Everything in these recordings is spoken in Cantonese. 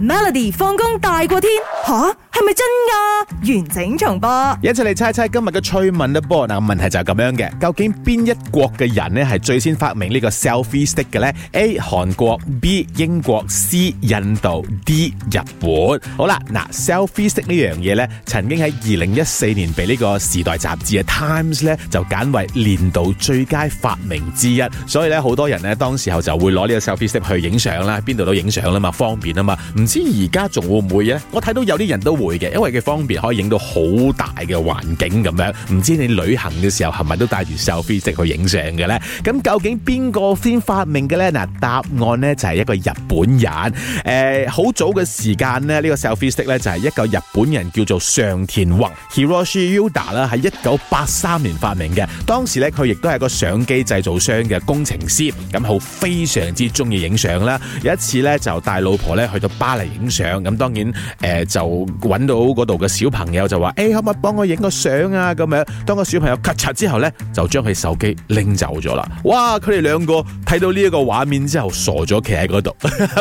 Melody 放工大過天吓，係咪真噶？完整重播，一齊嚟猜猜今日嘅趣聞啦，波嗱問題就係咁樣嘅，究竟邊一國嘅人咧係最先發明呢個 selfie stick 嘅呢？A 韓國，B 英國，C 印度，D 日本。好啦，嗱 selfie stick 呢樣嘢呢曾經喺二零一四年被呢個時代雜誌嘅《Times》呢，就揀為年度最佳發明之一，所以呢，好多人呢，當時候就會攞呢個 selfie stick 去影相啦，邊度都影相啦嘛，方便啊嘛，唔知而家仲會唔會咧？我睇到有啲人都會嘅，因為佢方便可以影到好大嘅環境咁樣。唔知你旅行嘅時候係咪都帶住 selfie stick 去影相嘅咧？咁究竟邊個先發明嘅咧？嗱，答案咧就係一個日本人。誒、欸、好早嘅時間咧，呢、這個 selfie stick 咧就係一個日本人叫做上田宏 （Hiroshi Yuta） 啦，喺一九八三年發明嘅。當時咧佢亦都係個相機製造商嘅工程師，咁好非常之中意影相啦。有一次咧就帶老婆咧去到巴。嚟影相，咁當然誒、呃、就揾到嗰度嘅小朋友就話誒、欸、可唔可以幫我影個相啊咁樣，當個小朋友咔嚓之後咧就將佢手機拎走咗啦。哇！佢哋兩個睇到呢一個畫面之後傻咗，企喺嗰度，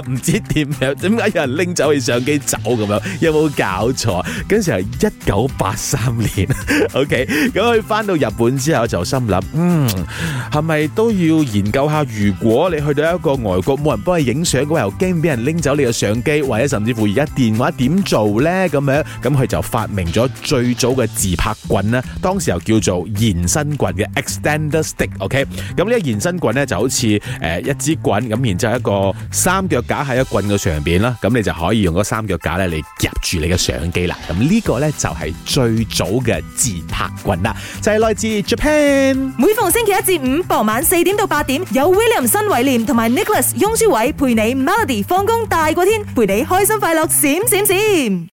唔知點樣點解有人拎走佢相機走咁樣，有冇搞錯？嗰時候，一九八三年，OK，咁佢翻到日本之後就心諗，嗯，係咪都要研究下，如果你去到一個外國冇人幫你影相，咁又驚俾人拎走你嘅相機？或者甚至乎而家電話點做咧咁樣咁佢就發明咗最早嘅自拍棍咧，當時又叫做延伸棍嘅 extender stick，OK？、Okay? 咁呢個延伸棍咧就好似誒一支棍咁，然之後一個三腳架喺一棍嘅上邊啦，咁你就可以用個三腳架咧嚟夾住你嘅相機啦。咁呢個咧就係最早嘅自拍棍啦，就係、是、來自 Japan。每逢星期一至五傍晚四點到八點有 William 新偉廉同埋 Nicholas 雍書偉陪你 Melody 放工大過天陪你。開心快樂，閃閃閃，閃閃閃。